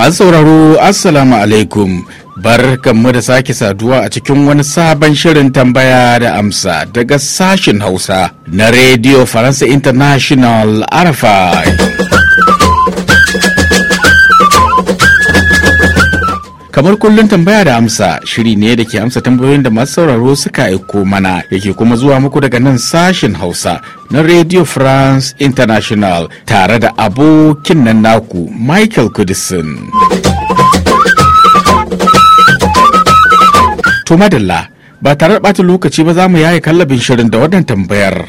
Masu sauraro Assalamu alaikum barkanmu da sake saduwa a cikin wani sabon shirin tambaya da amsa daga sashen Hausa na Radio Faransa International RFI. kamar kullum tambaya da amsa shiri ne da ke amsa tambayoyin da masu sauraro suka aiko mana da ke kuma zuwa muku daga nan sashen hausa na radio france international tare da abokin nan naku michael kudisin to madalla ba tare da ɓata lokaci ba za mu yaye kallabin shirin da wannan tambayar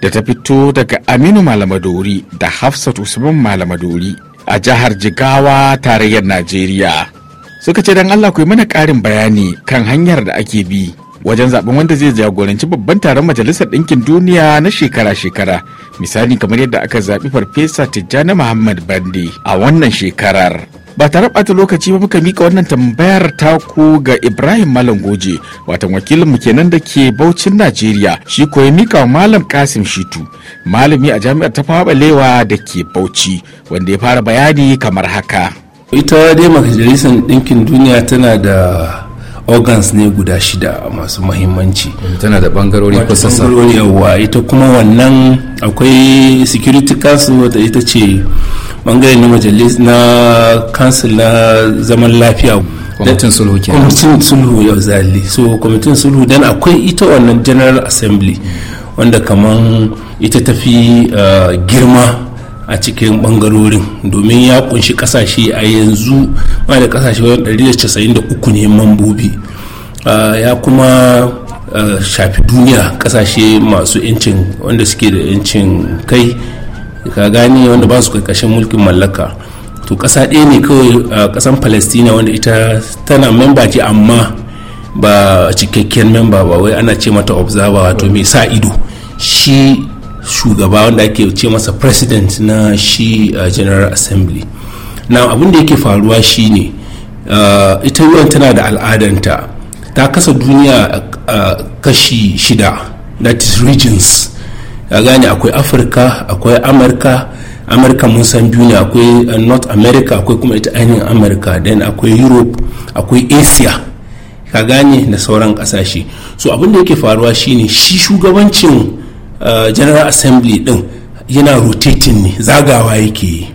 da ta fito daga aminu malamadori da hafsat usman malamadori a jihar jigawa tarayyar najeriya suka ce don Allah ku yi mana ƙarin bayani kan hanyar da ake bi wajen zaben wanda zai jagoranci babban taron majalisar ɗinkin duniya na shekara-shekara misali kamar yadda aka zaɓi farfesa tijjani muhammad bande a wannan shekarar ba tare ɓata lokaci ba muka mika wannan tambayar taku ga ibrahim malam goje watan wakilinmu kenan da ke baucin najeriya shi ko ya mika wa malam kasim shitu malami a jami'ar ta faɓalewa da ke bauchi wanda ya fara bayani kamar haka ita dai majalisar ɗinkin duniya tana da organs ne guda shida masu mahimmanci tana da bangarori ko sassa yawa ita kuma wannan akwai security council wata ita ce bangare na majalis na council na zaman lafiya kwamitin sulhu ke kwamitin sulhu ya zali so kwamitin sulhu dan akwai ita wannan general assembly wanda kaman ita tafi uh, girma a cikin bangarorin domin ya kunshi kasashe a yanzu ma da kasashe 193 ne mambobi ya kuma shafi duniya kasashe masu 'yancin wanda suke da 'yancin kai ka gani wanda ba su karkashin mulkin mallaka to kasa ɗaya ne kawai a palestina wanda ita tana memba ce amma ba cikakken memba ba wai ana ce mata observer wato mai sa ido shi shugaba wanda ake ce masa president na shi uh, general assembly na abin da yake faruwa shine uh, ita tana da al'adanta ta kasa duniya uh, kashi shida that is regions a gane akwai afirka akwai amurka amurka mun san duniya akwai uh, north america akwai kuma ita ainihin amurka then akwai europe akwai asia ka gane na sauran kasashe so abin da yake faruwa shine shi shugabancin Eh, general assembly din yana rotating ne zagawa yake yi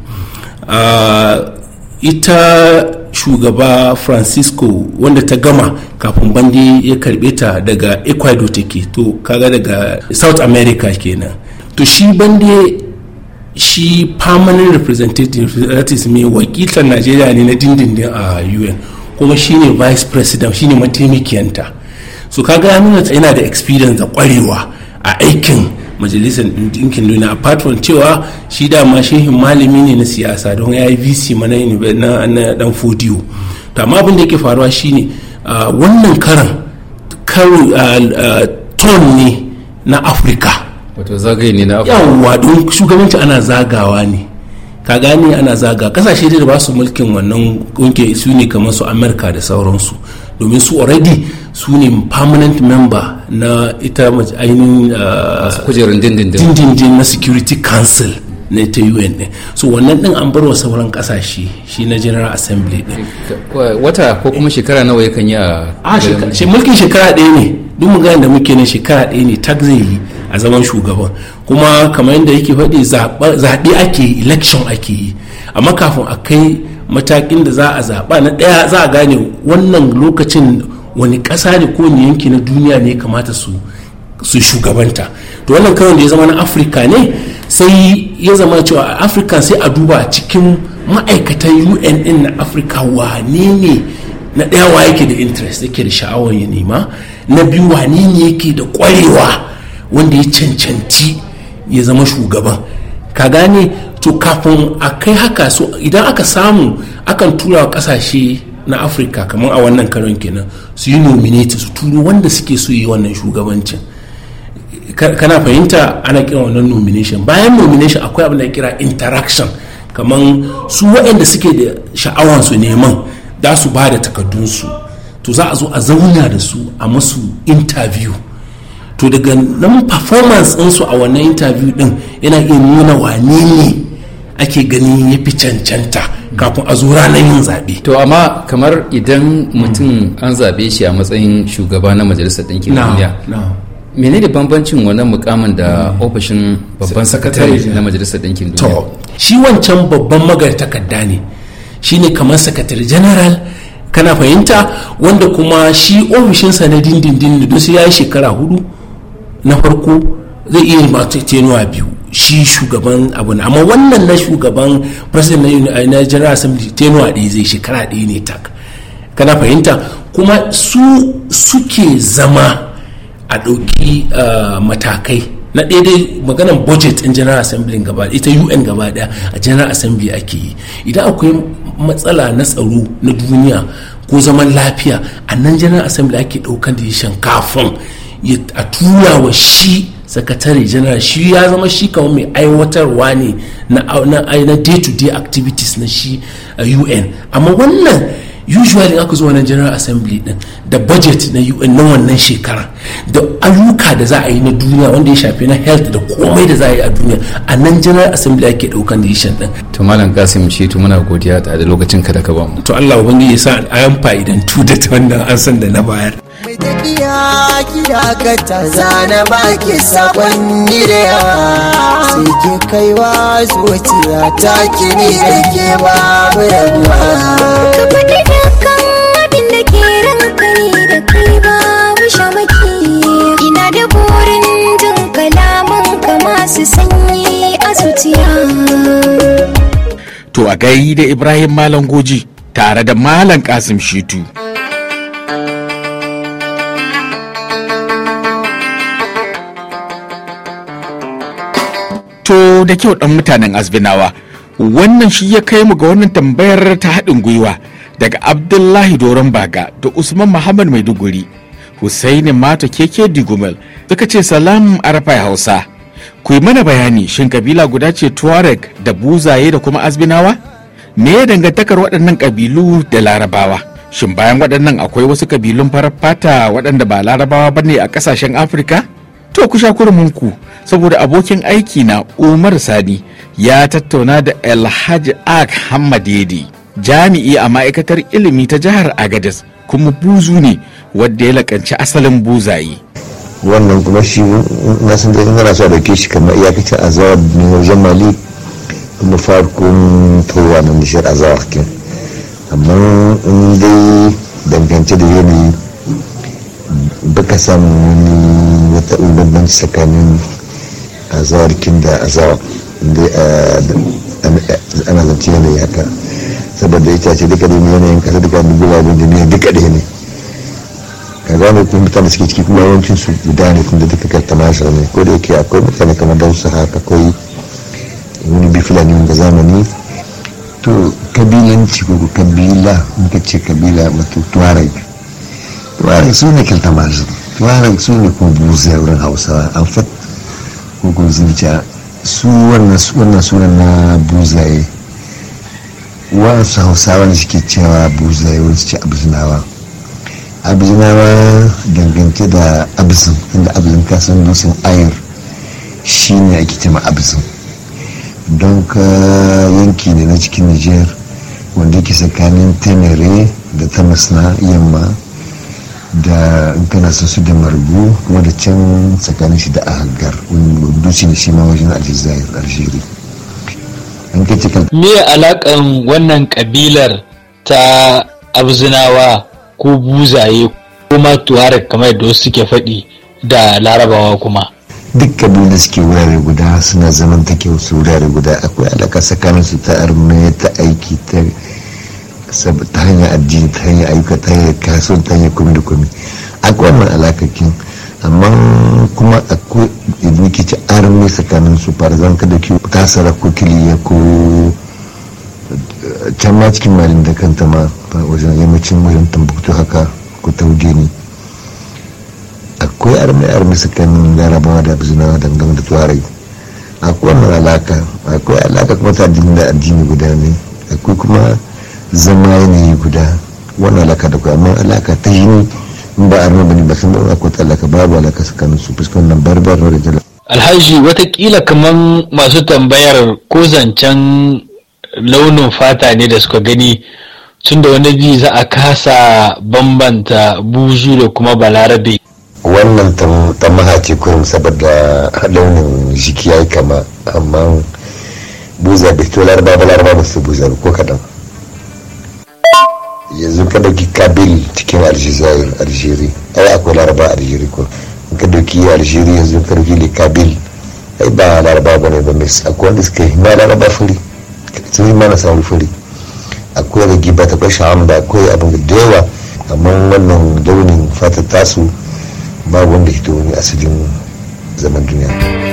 eh, ita shugaba francisco wanda ta gama kafin bandi ya karbe ta daga ecuador take to kaga daga south america kenan to shi bandi shi permanent representative me wakilan najeriya ne na dindindin a un kuma shi ne vice president shi ne mataimakiyanta so kaga ya nuna yana da experience da kwarewa a aikin majalisar ɗinkin duniya apart from cewa shi dama shehin malami ne na siyasa don ya yi vc mana na dan fodiyo to amma abin da yake faruwa shine wannan karan ton ne na afirka wato zagaye ne na afirka yawwa don shugabanci ana zagawa ne ka gane ana zaga kasashe da ba su mulkin wannan kunke su ne kamar su amurka da sauransu domin su already su ne permanent member na ita ainihin uh, kujerun dindindin na security council na ta un ne so wannan din an bar wa sauran kasashe shi na general assembly din wata ko kuma shekara nawa ya kan yi a mulkin shekara ɗaya ne duk maganar da muke ne shekara ɗaya ne tag zai yi a zaman shugaban kuma kamar yadda yake faɗi zaɓe ake yi election ake yi amma kafin a kai matakin da za a zaɓa na ɗaya za a gane wannan lokacin wani ƙasa ne ko wani yanki na duniya ne kamata su su shugabanta to wannan karon da ya zama na afirka ne sai ya zama cewa a afirka sai a duba cikin ma'aikatan un din na afirka wane ne na ɗaya wa yake da interest yake da sha'awar ya nema na biyu wane ne yake da ƙwarewa wanda ya cancanci ya zama shugaban ka gane to kafin a kai haka so idan aka samu akan tura wa ƙasashe na afirka kamar a wannan karon kenan su yi nominate su turo wanda suke so yi wannan shugabancin kana fahimta ana kira wannan nomination bayan nomination akwai abin da kira interaction kamar su waɗanda suke da sha'awar su neman za su ba da takardunsu to za a zo a zauna da su a masu interview to daga nan performance ɗinsu a wannan interview ɗin yana iya nuna wane ne ake gani ya fi cancanta kafin a zo ranar yin zaɓe. To amma kamar idan mutum hmm. an zaɓe shi a matsayin shugaba na majalisar ɗinkin duniya. mene ne bambancin wannan mukamin da hmm. ofishin babban sakatare na majalisar ɗinkin duniya? To shi wancan babban magatakarda ne shi ne kamar sakatare general kana fahimta wanda kuma shi ofishinsa na dindindin da dusu ya yi shekara hudu na farko zai iya ba biyu shi shugaban abu amma wannan na shugaban president na general assembly tenuwa ɗaya zai shekara ɗaya ne tak kana fahimta kuma su suke zama a ɗauki ah, matakai na daidai maganan budget in general assembly gaba ita un gaba daya a general assembly ake yi idan akwai matsala na tsaro na duniya ko zaman lafiya a nan general assembly ake ɗaukan da kafin a tura wa shi sakatare general shi ya zama shi kawai mai aiwatarwa ne na day to day activities na shi a un amma wannan usually aka zo wannan general assembly din da budget na un na wannan shekara da ayyuka da za a yi na duniya wanda ya shafi na health da komai da za a yi a duniya a nan general assembly ake daukan decision din to malam kasim shi to muna godiya da lokacin ka da ka ba mu to Allah ubangiji ya sa an fa'idantu da wannan an san da na bayar mai tafiya kira ka ta zana baki sabon gidiya sai ke kaiwa zuciya ta kini da ke babu rabuwa ka faɗi dukkan abin da ke ranka ne da kai babu shamaki ina da burin jin kalaman ka masu sanyi a zuciya to a gai da ibrahim malam goji tare da malam kasim shitu da kyau ɗan mutanen Asbinawa. Wannan shi ya kai mu ga wannan tambayar ta haɗin gwiwa daga Abdullahi Doron Baga da Usman Muhammad Maiduguri. Hussaini, Mato Keke Digumel suka ce salam Arafa, Hausa. Ku yi mana bayani shin kabila guda ce Tuareg da Buzaye da kuma Asbinawa? Me ya dangantakar waɗannan kabilu da Larabawa? Shin bayan waɗannan akwai wasu ƙabilun farar fata waɗanda ba Larabawa ba ne a ƙasashen Afirka? To ku sha kurminku saboda abokin aiki na umar sani ya tattauna da alhaji ak hammadedi jami'i a ma'aikatar ilimi ta jihar agadez kuma buzu ne wadda ya lakanci asalin buzaye wannan kuma shi na san da yana so dauke shi kamar iyakacin azawar ne wajen mali kuma farkon towa na nishar azawar kin amma in dai dangance da yanayi baka samu wani wata ulubbanci tsakanin zalikin da azawa ana zance ya haka saboda ita ce duka da yanayin kasa duka da gulaben duniya duka da ne ka gano kuma mutane suke ciki kuma yawancin su guda ne da duka kai tamasha ne ko da yake akwai mutane kamar don su haka akwai wani bi fulani wanda zamani to kabilanci ko kabila muka ce kabila wato tuareg tuareg su ne kaltamasha tuareg su ne kuma buzai wurin hausawa an fata bugun zuciya su wannan sunan na buzaye wasu hausawa ne suke cewa buzaye wasu ce abuzinawa abuzinawa dangance da abuzin inda abuzin kasan dusin ayar shi ne ake cema abuzin don ka yanki ne na cikin niger wanda ke tsakanin tenere da na yamma da in kana son da marubu kuma da can tsakanin shi da ahangar wani ne shi ma wajen aljizayar algeria an kai me alakan wannan kabilar ta abzinawa ko buzaye kuma tuwara kamar da wasu suke faɗi da larabawa kuma duk kabilar suke wurare guda suna zaman take wasu wurare guda akwai alaka tsakanin su ta armiya ta aiki ta ta hanyar addini ta hanyar ayyuka ta hanyar kasuwan ta hanyar komi da komi akwai wannan alakakin amma kuma akwai rikici armi tsakanin su farzan ka da ke ta sarako kiliya ko eh, can ma cikin malin da kanta ma wajen yammacin wajen tambuktu haka ko ta wuge ne akwai armi armi tsakanin larabawa da bizinawa dangane da tuwarai akwai wannan alaka akwai alaka kuma ta addini da addini guda ne akwai kuma zama yanayi guda wannan alaka da kuma alaka ta yi ba a rabani ba sun ba ko talaka babu alaka tsakanin su fuskan nan barbar da jala alhaji watakila kaman masu tambayar ko zancen launin fata ne da suka gani tun da wani bi za a kasa bambanta buzu da kuma balarabe wannan tamaha ce kurin saboda launin jiki ya yi kama amma buza da to laraba ba laraba ba su buzar ko kadan yanzu ka dauki kabil cikin aljazair algeria ai akwai laraba algeria ko ka dauki aljeri yanzu ka dauki le kabil ai ba laraba ba ne ba mai akwai wanda suka yi ma laraba fari sun yi mana samun fari akwai da giba ta kwashe hamda akwai abin da yawa amma wannan daunin fata tasu babu wanda hito wani asalin zaman duniya.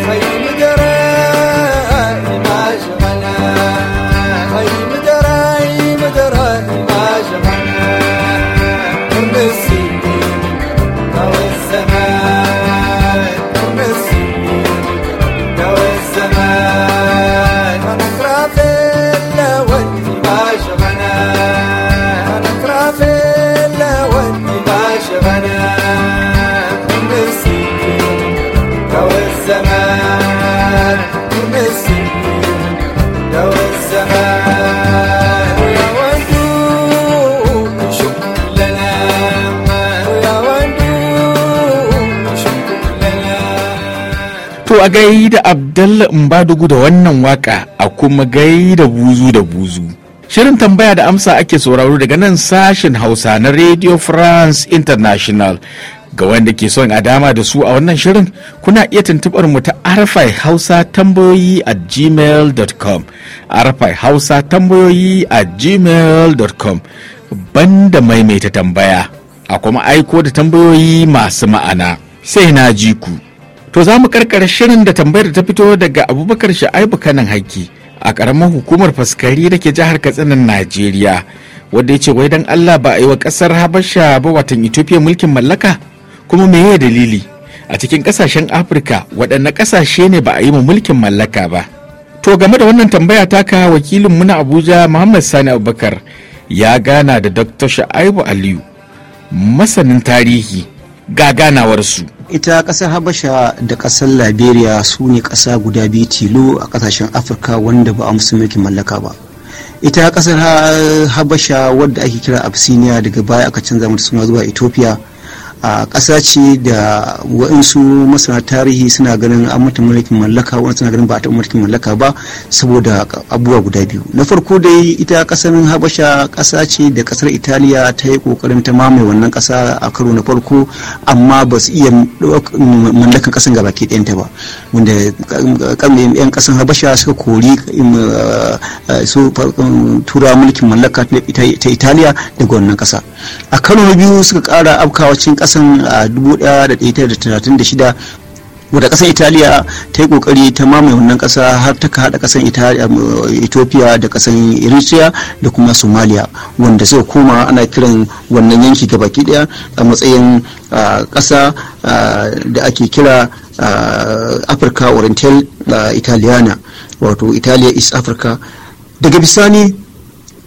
a da Abdalla Mbadugu da wannan waka a kuma da buzu da buzu. Shirin tambaya da amsa ake sauraro daga nan sashen Hausa na Radio France International. Ga wanda ke son a dama da su a wannan shirin kuna iya tuntubar mu ta arafai hausa tambayoyi a gmail.com arafai hausa tambayoyi a gmail.com banda maimaita tambaya a kuma aiko da tambayoyi masu ma'ana sai na ji ku. To za mu karkara shirin da tambayar da ta fito daga Abubakar Sha'aibu Kanan Haki a ƙaramin hukumar faskari da ke jihar Katsinan Najeriya. Wadda ya ce wai dan Allah ba a yi wa ƙasar Habasha ba watan Ethiopia mulkin mallaka kuma me ya dalili? A cikin ƙasashen Afirka waɗanne ƙasashe ne ba a yi mu mulkin mallaka ba. To game da wannan tambaya taka wakilin mu na Abuja Muhammad Sani Abubakar ya gana da Dr. Sha'aibu Aliyu masanin tarihi ga ganawarsu. su. ita kasar habasha da kasar liberia su ne kasa guda biyu tilo a kasashen afirka wanda ba a musu mulkin mallaka ba ita kasar habasha wadda ake kira absiniya daga baya aka canza mata suna zuwa ethiopia a ƙasa ce da waɗansu masana tarihi suna ganin an mutum mulkin mallaka wani suna ganin ba ta mulkin mallaka ba saboda abubuwa guda biyu na farko dai ita ƙasar habasha ƙasa ce da ƙasar italiya ta yi ƙoƙarin ta mamaye wannan ƙasa a karo na farko amma ba su iya mallakan ƙasar gaba ke ɗayanta ba wanda yan ƙasar habasha suka kori um, uh, su tura mulkin mallaka ta italiya daga wannan ƙasa a karo na biyu suka ƙara afkawa cikin ƙasa kasan a 1936 wadda kasar italiya ta yi kokari ta mamaye wannan kasa har ta hada kasar um, ethiopia da kasar eritrea da kuma somalia wanda suka koma ana kiran wannan yanki baki daya a matsayin kasa da ake kira africa oriental italiana wato italia east africa daga bisani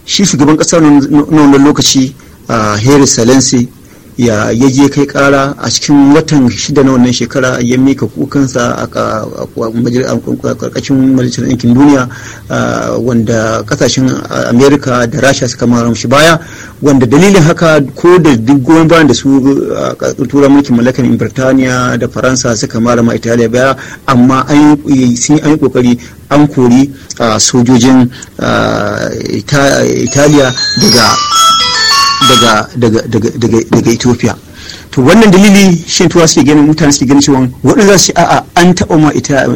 shi shugaban kasa na wannan lokaci harry salensi ya yaje kai kara a cikin watan shida na wannan shekara ya mika kukansa a karkashin majalisar ɗinkin duniya wanda kasashen amerika da rasha suka mara shi baya wanda dalilin haka ko da duk goyon bayan da su a turan mulkin mallakan birtaniya da faransa suka mara ma italiya baya amma an yi kokari an kori sojojin italiya daga daga daga daga daga Ethiopia to wannan dalili shan tuwa suke ganin mutane suke ganin cewa waɗanda za su a'a an taɓa ma ita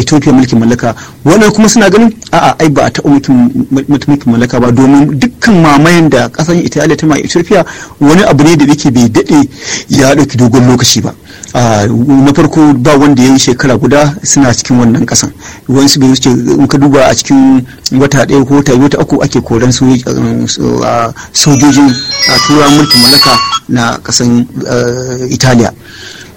Ethiopia mulkin mallaka wannan kuma suna ganin a'a ai ba a taɓa mulkin mallaka ba domin dukkan mamayen da ƙasar Italiya ta ma Ethiopia wani abu ne da yake bai daɗe ya ɗauki dogon lokaci ba na farko ba wanda ya yi shekara guda suna cikin wannan ƙasan wani bai wuce in ka duba a cikin wata ɗaya ko wata biyu ta uku ake koran sojojin a turawan mulkin mallaka na ƙasar kasan eh, italiya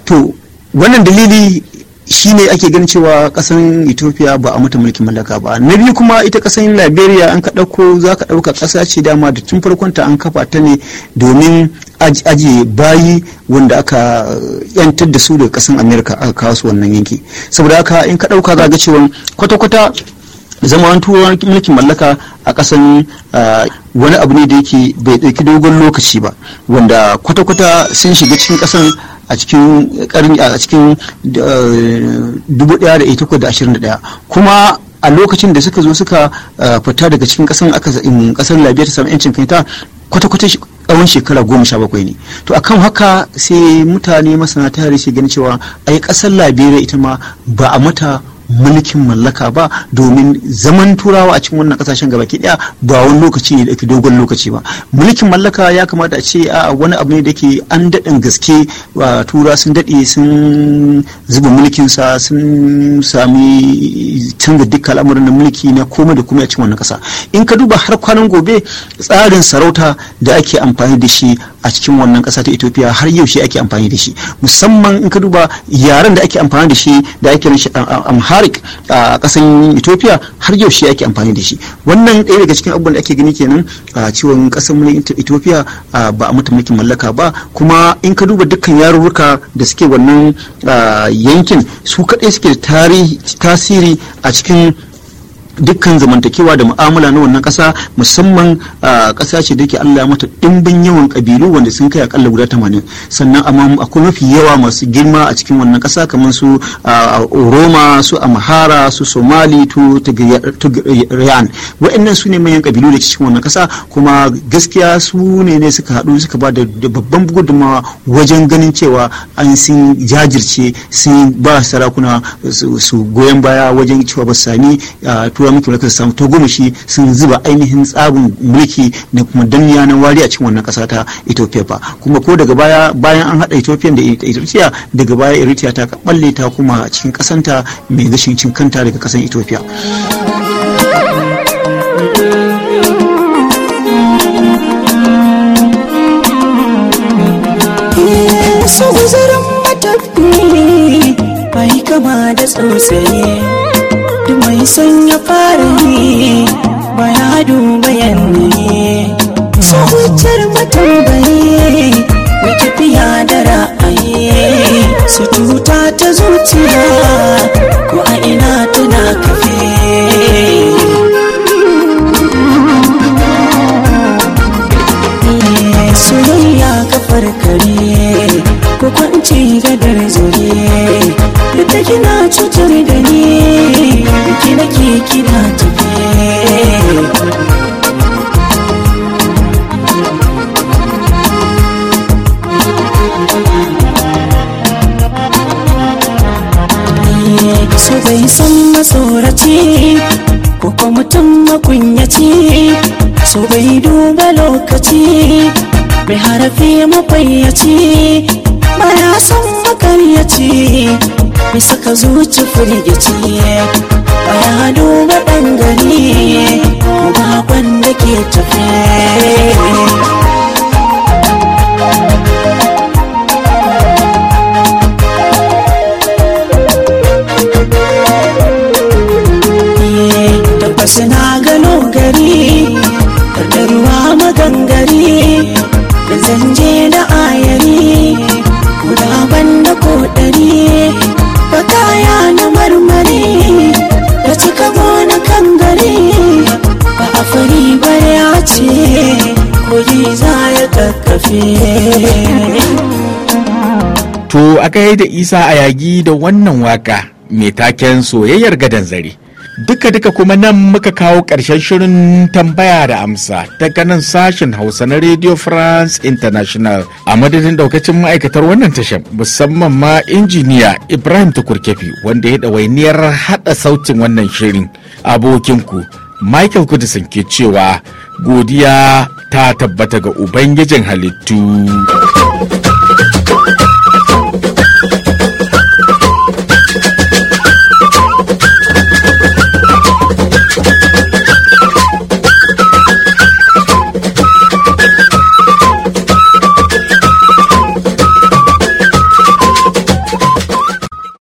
to wannan dalili shine ake ganin cewa kasan ethiopia ba a mata mulkin mallaka ba na biyu kuma ita kasan liberia an ka ɗauko za ka ɗauka ƙasa ce dama da tun farkon ta an kafa ta ne domin ajiye bayi wanda aka eh, yantar da su daga kasan america aka kawo su wannan yanki saboda haka in ka ɗauka za ga cewa kwata-kwata zaman turawan mulkin mallaka a kasan wani abu ne da yake bai ɗauki dogon lokaci ba wanda kwata-kwata sun shiga cikin kasan a cikin karni a cikin 1821 kuma a lokacin da suka zo suka fita daga cikin kasan kasar labiya ta samu yancin ta kwata-kwata tsawon shekara goma sha bakwai ne to akan haka sai mutane masana tarihi ganin cewa ai kasar labiya ita ma ba a mata mulkin mallaka ba domin zaman turawa a cikin wannan kasashen ki daya ba wani lokaci ne da ke dogon lokaci ba mulkin mallaka ya kamata a ce a wani abu ne da ke an daɗin gaske ba tura sun daɗe sun zuba mulkin sa sun sami canza duk al'amuran na mulki na komai da komai a cikin wannan kasa in ka duba har kwanan gobe tsarin sarauta da ake amfani da shi a cikin wannan kasa ta Ethiopia har yau shi ake amfani da shi musamman in ka duba yaren da ake amfani da shi da ake amha. tariq a kasan Ethiopia har yau shi ake amfani da shi wannan ɗaya daga cikin abubuwan da ake gani kenan a ciwon kasan mulkin Ethiopia ba a mata mulkin mallaka ba kuma in ka duba dukkan yarurruka da suke wannan yankin su kaɗai suke tasiri a cikin dukkan zamantakewa da mu'amala na wannan kasa musamman ƙasa ce da ke Allah mata ɗimbin yawan kabilu wanda sun kai akalla guda tamanin sannan amma akwai mafi yawa masu girma a cikin wannan kasa kamar su Roma su Amhara su Somali to Tigrayan waɗannan su ne manyan kabilu da cikin wannan kasa kuma gaskiya su ne ne suka haɗu suka ba da babban gudunmawa wajen ganin cewa an sun jajirce sun ba sarakuna su goyon baya wajen cewa ba sami cewa muke mulkin samu ta goma shi sun zuba ainihin tsabin mulki na kuma danniya na wari a cikin wannan kasa ta Ethiopia ba kuma ko daga baya bayan an hada Ethiopia da Eritrea daga baya Eritrea ta balle ta kuma a cikin kasanta mai gashin cin kanta daga kasan Ethiopia. Wasu guzarin matafi bai kama da sosai. mai sanya fari baya duba yanni zuciyar matambayi mai fiya da ra'ayi su tuta ta zuciya ko a ina kina tafe su bai san masoraci ko mutum makunyaci su bai duba lokaci bai harafi mafayyaci baya san makaryaci mai saka zuci firgici baya duba ɗan gari bakon da ke tafe eh, Tabbas na gano gari To to aka da isa a yagi da wannan waka mai taken soyayyar gadon zare duka-duka kuma nan muka kawo ƙarshen shirin tambaya da amsa ta nan sashen hausa na radio france international a madadin daukacin ma'aikatar wannan tashar musamman ma injiniya ibrahim tukurkefi wanda ya ɗawainiyar haɗa sautin wannan shirin abokinku michael kudisin ke cewa godiya ta tabbata ga Ubangijin halittu.